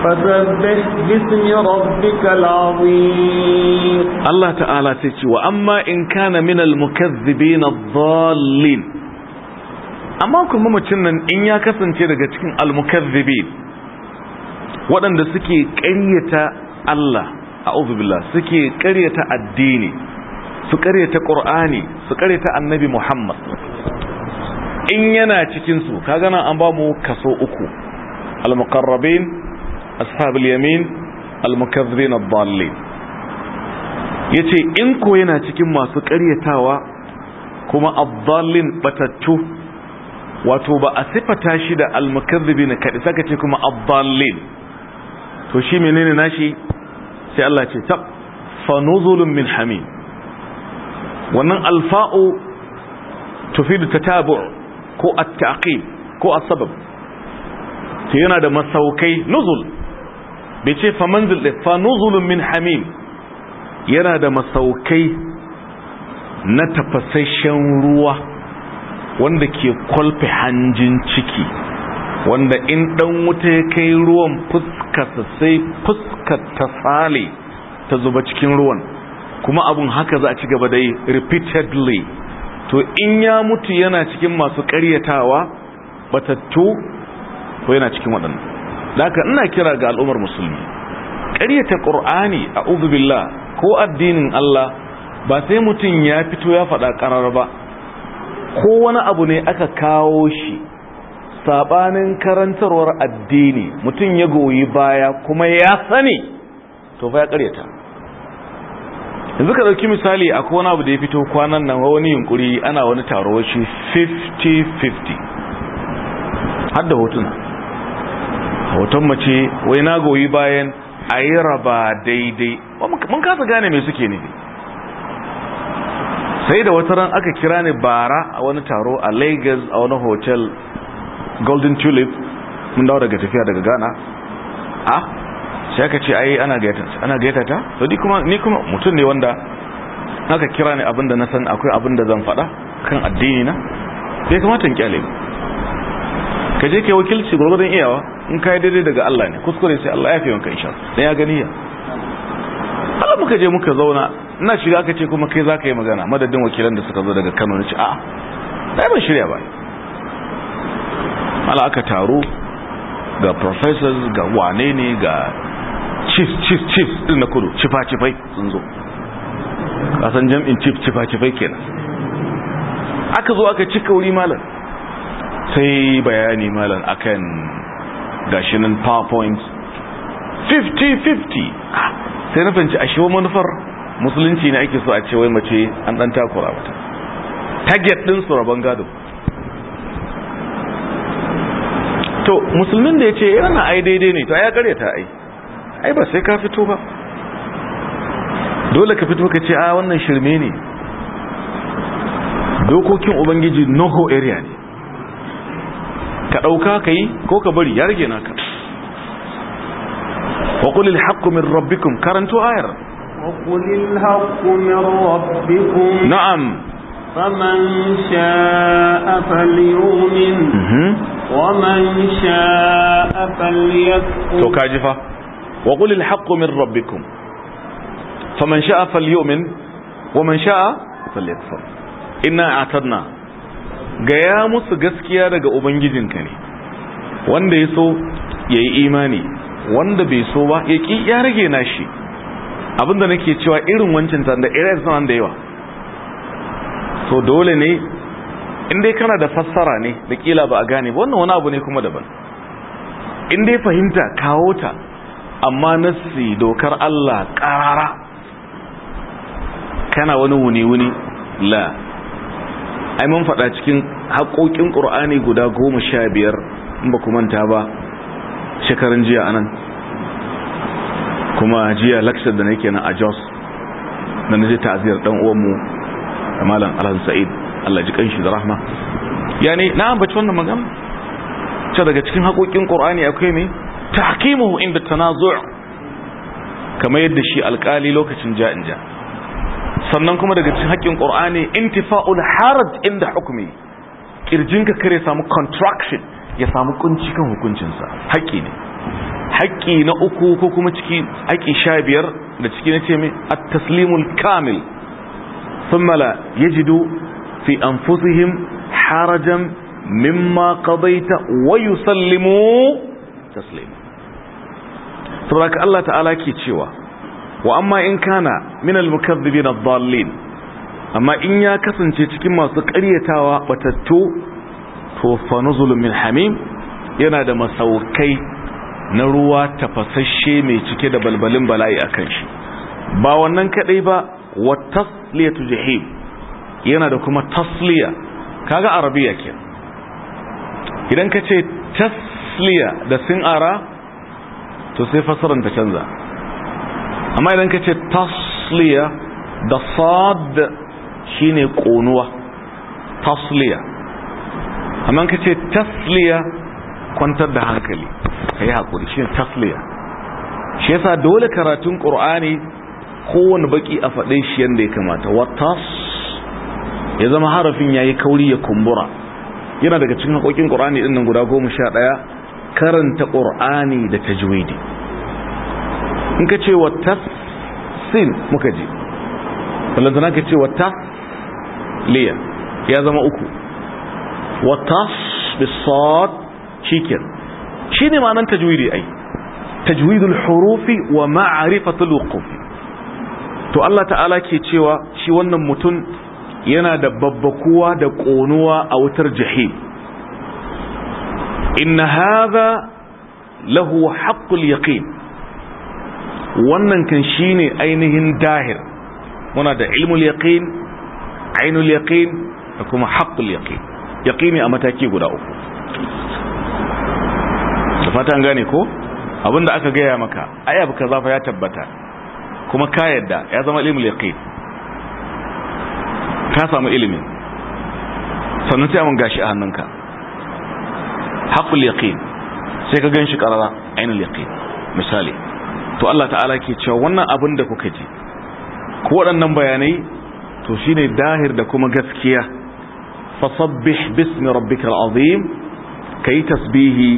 فسبح باسم ربك العظيم الله تعالى تيجي وأما إن كان من المكذبين الضالين amma kuma mutum nan in ya kasance daga cikin almukazzibin waɗanda suke ƙaryata Allah a'udhu billah suke ƙaryata addini su ƙaryata Qur'ani su ƙaryata Annabi Muhammad in yana cikin su kaga nan an ba mu kaso uku al-muqarrabin ashabul yamin al-mukazzibin ad-dallin yace in ko yana cikin masu ƙaryatawa kuma ad-dallin batattu wato ba a sifata shi da al-mukazzibin kadai saka ce kuma ad-dallin to shi menene nashi sai Allah ce tab fa nuzulun min hamim wannan alfa'u tufidu tatabu' ko at-ta'qib ko as-sabab to yana da masaukai nuzul bai ce fa manzil fa nuzulun min hamim yana da masaukai na tafasashen ruwa wanda ke kwalfe hanjin ciki wanda in dan wuta ya kai ruwan fuskarsa sai fuskar ta sale ta zuba cikin ruwan kuma abun haka za a ci gaba da yi repeatedly to in ya mutu yana cikin masu karyatawa batattu ko yana cikin waɗanda daga ina kira ga al'ummar musulmi ƙaryata ƙur'ani a uzubillah ko addinin Allah ba sai mutum ya fito ya faɗa ƙarar ba ko wani abu ne aka kawo shi saɓanin karantarwar addini mutum ya goyi baya kuma ya sani to fa ya ƙaryata yanzu ka ɗauki misali a wani abu da ya fito kwanan nan wani yunkuri ana wani taro shi 50-50 har hotuna hoton mace wai na goyi bayan a yi raba daidai mun kasa gane mai suke ne sai da wata ran aka kira ni bara a wani taro a lagos a wani hotel golden tulip mun dawo daga tafiya daga ghana a sai aka ce ai ana gaita ta to kuma ni kuma mutum ne wanda aka kira ni abinda na san akwai abinda zan faɗa kan addini na sai kamata in kyale ka je kai wakilci gurgurdan iyawa in yi daidai daga Allah ne kuskure sai Allah ya fi wanka insha da ya gani ya Allah muka je muka zauna ina shiga aka ce kuma kai za ka yi magana madadin wakilan da suka zo daga Kano ne a? Na yi ban shirya ba Allah aka taro ga professors ga wane ne ga chief chief chief din na kudu cifa cifai sun zo kasan jam'in chief cifa cifai kenan aka zo aka cika wuri malam sai bayani malam akan gashinan powerpoint 50-50 sai na fahimci a shiwa manufar musulunci ne ake so a cewa mace an dan takura wata target din su rabon gado to musulmin da ya ce yana eh, ai daidai ne to ya karyata ai ai ba sai ka fito ba dole ka fito ka ce a ah, wannan shirme ne dokokin ubangiji noho area ne ka ɗauka ka yi ko ka bari ya rage naka wa kulil min rabbikum karanto ayar wa kulil min rabbikum na'am sha شاء فليؤمن ومن شاء فليكفر تو كاجفا وقل الحق من ربكم فمن شاء فليؤمن ومن شاء فليكفر إنا gaya musu gaskiya daga ubangijinka ne wanda ya so ya yi imani wanda bai so ba ya ƙi ya rage na shi abinda nake cewa irin wancan da irin sanan da yawa so dole ne dai kana da fassara ne da kila ba a gane ba wannan wani abu ne kuma daban dai fahimta kawo ta amma nasi dokar Allah ƙarara kana wani wuni-wuni la ai mun faɗa cikin haƙoƙin ƙur'ani guda goma sha biyar in ba ku manta ba shekarun jiya anan kuma jiya lakshar da nake na a jos na naji ta'aziyar dan uwanmu da malam alhassan sa'id allah ji kanshi da rahma yani na ambaci wannan magana ce daga cikin haƙoƙin ƙur'ani akwai me tahkimuhu inda tanazu' kamar yadda shi alƙali lokacin ja'in ja' sannan kuma daga cikin haƙƙin ƙur'ani intifa'ul haraj inda hukumi kirjinka kare samu contraction ya samu kunci kan hukuncinsa haƙƙi ne haƙƙi na uku ko kuma ciki haƙƙi sha biyar da ciki na ce mai at-taslimul kamil thumma la yajidu fi anfusihim harajan mimma qadaita wa yusallimu taslima saboda Allah ta'ala ke cewa wa amma in kana minal al-mukaththibin ad-dallin amma in ya kasance cikin masu ƙaryatawa batattu to fa nuzulun min hamim yana da masaukai na ruwa tafasasshe mai cike da balbalin bala'i akan shi ba wannan kadai ba wa tasliyatu jahim yana da kuma tasliya kaga arabiya ke idan ka ce tasliya da sin ara to sai fasaran ta canza amma idan ka ce tasliya da sad shine ƙonuwa tasliya amma ka ce tasliya kwantar da hankali ka yi haƙuri shine tasliya shi yasa dole karatun ƙur'ani kowane baki a faɗe shi yadda ya kamata watas ya zama harafin ya yi kauri ya kumbura yana daga cikin haƙoƙin ƙur'ani ɗin nan guda goma sha ɗaya karanta ƙur'ani da tajwidi in ka ce wa tafsil muka ji ballantana ka ce wa tafliya ya zama uku wa taf bisad shi ne ma'anar tajwidi ai tajwidul hurufi wa ma'arifatul wuqufi to Allah ta'ala ke cewa shi wannan mutum yana da babbakuwa da ƙonuwa a wutar jahim inna haza lahu haqqul yaƙin wannan kan shine ainihin dahir muna da ilmul yaqin ainul yaqin da kuma haqqul yaqin yaqini a mataki guda uku da fatan gane ko abinda aka gaya maka ai abu kaza fa ya tabbata kuma ka yadda ya zama ilmul yaqin ka samu ilimi sannan sai mun gashi a hannunka haqqul yaqin sai ka ganshi karara ainul yaqin misali to Allah ta'ala ke cewa wannan abin da kuka ji ko waɗannan bayanai to shine dahir da kuma gaskiya fasabbih bismi rabbikal azim kai tasbihi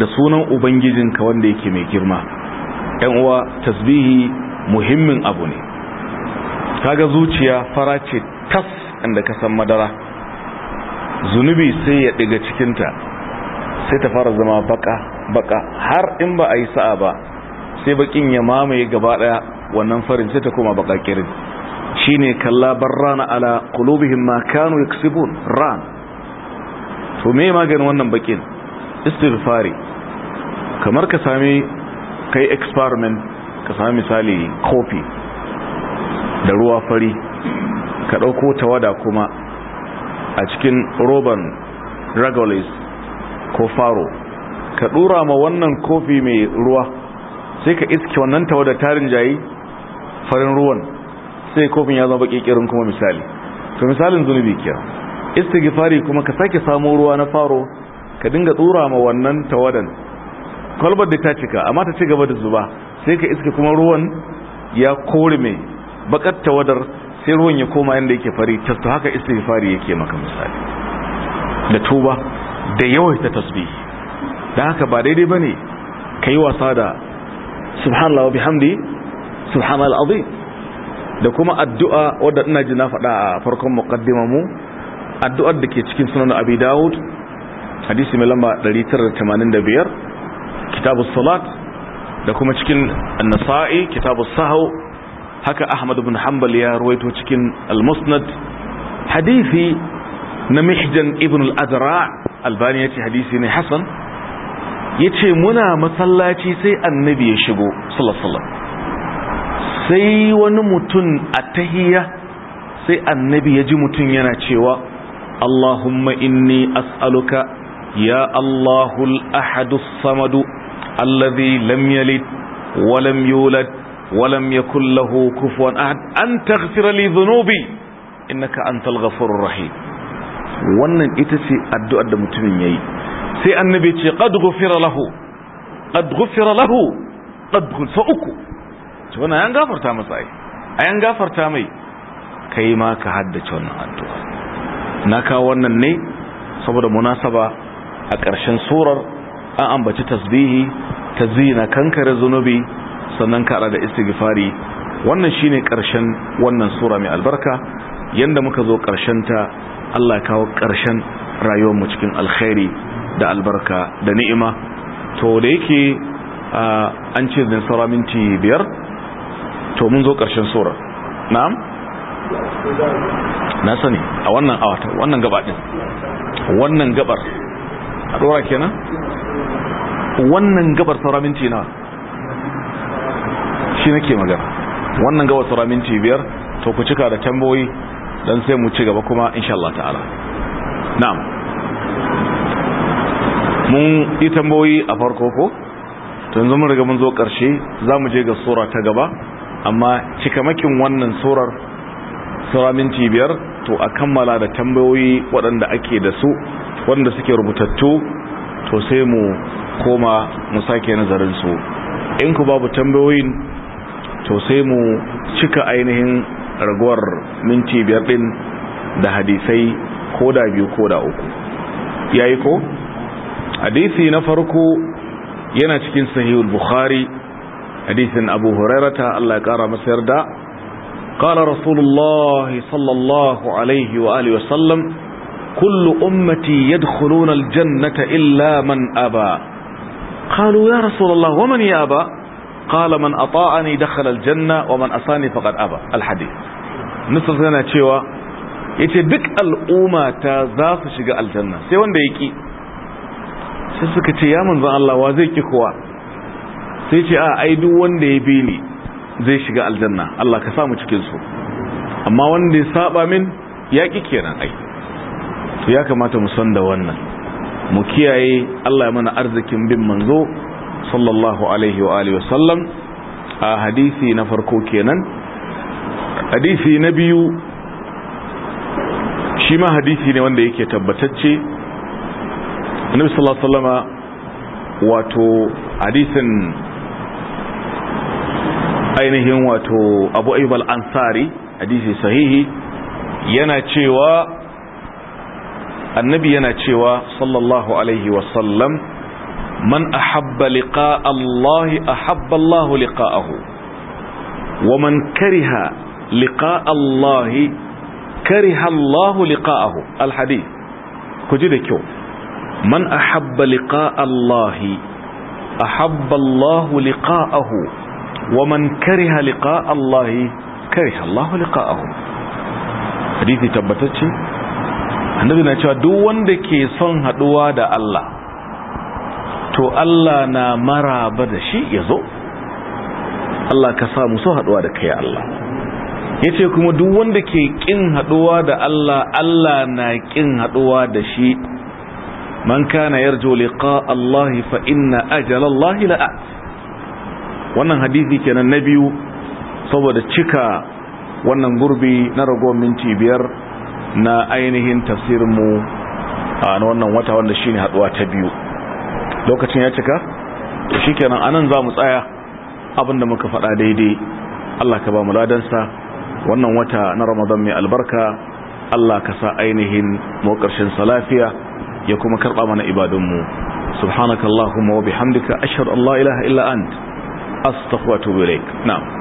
da sunan ubangijinka wanda yake mai girma ɗan uwa tasbihi muhimmin abu ne kaga zuciya fara ce tas inda ka san madara zunubi sai ya ɗiga cikinta sai ta fara zama baka baka har in ba a yi sa'a ba sai bakin ya mamaye gaba daya wannan farin sai ta koma bakakirin shine kalla barrana ala qulubihim ma kanu yaksubun ran to me maganin wannan bakin istighfari kamar ka sami kai experiment ka sami misali kofi da ruwa fari ka dauko tawada kuma a cikin roban ragolis ko faro ka dura ma wannan kofi mai ruwa sai ka iske wannan da tarin jayi farin ruwan sai kofin ya zama bakikirin kuma misali to misalin zunubi iske istighfari kuma ka sake samo ruwa na faro ka dinga tsura ma wannan tawadan kwalbar da ta cika amma ta ci gaba da zuba sai ka iske kuma ruwan ya kore mai bakar tawadar sai ruwan ya koma yadda yake fari tasto haka istighfari yake maka misali da tuba da yawaita tasbihi da haka ba daidai bane kai wasa da subhanallah wa bihamdi subhanal azim da kuma addu'a wadda ina ji na faɗa a farkon muqaddima mu addu'ar da ke cikin sunan abi dawud hadisi mai lamba 985 kitabus salat da kuma cikin an kitabu sahau haka ahmad ibn hanbal ya ruwaito cikin al-musnad hadisi na mihjan ibn al-azra albani ce hadisi ne Hassan. ya ce muna masallaci sai annabi ya shigo sallasallam sai wani mutum a tahiya sai annabi ya ji mutum yana cewa Allahumma inni as'aluka ya Allahul ahadus samadu allazi lam yalid wa lam yulad wa lam yakul lahu kufuwan ahad an taghfira li dhunubi innaka antal ghafurur rahim wannan ita ce addu'ar da mutumin yayi sai annabi ce qad ghufira lahu qad ghufira lahu qad ghufira uku to wannan an gafarta masa ai an gafarta mai kai ma ka haddace wannan addu'a na kawo wannan ne saboda munasaba a ƙarshen surar an ambaci tasbihi tazina kankare zunubi sannan kara da istighfari wannan shine ƙarshen wannan sura mai albarka yanda muka zo ƙarshen ta Allah ya kawo ƙarshen rayuwar mu cikin alkhairi da albarka da ni'ima to da yake an ce da saura minti biyar to mun zo ƙarshen sura na'am na sani a wannan awata wannan gaba wannan gabar a dora kenan wannan gabar saura minti na shi nake magana wannan gabar saura minti biyar to ku cika da tamboyi dan sai mu ci gaba kuma insha Allah ta'ala na'am mun yi tambayoyi a farko ko yanzu mun riga mun zo karshe za je ga sura ta gaba amma cikamakin wannan surar sura minti biyar to a kammala da tambayoyi waɗanda ake da su waɗanda suke rubutattu to sai mu koma mu sake nazarin su in ku babu tambayoyin to sai mu cika ainihin raguwar minti biyar ɗin da hadisai ko da biyu ko da uku yayi ko hadisi na farko yana cikin sahihul bukhari hadisin abu hurairata Allah ya kara masa yarda qala rasulullahi sallallahu alaihi wa alihi wasallam kullu ummati yadkhuluna aljannata illa man aba qalu ya rasulullah wa man yaba qala man ata'ani dakhala aljanna wa man asani faqad aba alhadith nusa yana cewa yace duk al'umma ta za su shiga aljanna sai wanda yake sai suka ce ya manzan Allah wa zai ki kowa sai ce a ai duk wanda ya bi ni zai shiga aljanna Allah ka samu cikin su amma wanda ya saba min ya ki kenan ai to ya kamata mu san da wannan mu kiyaye Allah ya mana arzikin bin manzo sallallahu alaihi wa alihi wasallam a hadisi na farko kenan hadisi na biyu shi ma hadisi ne wanda yake tabbatacce annabi sallallahu alaihi wasallama wato hadisin ainihin wato abu ayyub ansari hadisi sahihi yana cewa annabi yana cewa sallallahu alaihi wasallam man ahabba liqa Allah ahabba Allah liqa'ahu wa man kariha liqa allahi kariha allahu liqa'ahu al-hadith ku ji da kyau man ahabba liqa Allahi ahabba Allahu liqa'ahu wa man kariha liqa Allahi kariha Allahu liqa'ahu hadisi tabbatacce annabi na cewa duk wanda ke son haduwa da Allah to Allah na da shi Allah ka samu so haduwa da kai Allah yace kuma duk wanda ke kin haduwa da Allah Allah na kin haduwa da shi man kana yarju liqa Allah fa inna ajala Allah la'a wannan hadisi kenan na biyu saboda cika wannan gurbi na rago minti biyar na ainihin tafsirin mu a wannan wata wanda shine haduwa ta biyu lokacin ya cika shikenan anan zamu mu tsaya abinda muka faɗa daidai Allah ka ba mu ladansa wannan wata na Ramadan mai albarka Allah ka sa ainihin mu ƙarshen salafiya. ya kuma karɓa mana ibadunmu subhanakallahumma wa bihamdika ashhadu an la ilaha illa ant astaghfiruka wa atubu ilaik na'am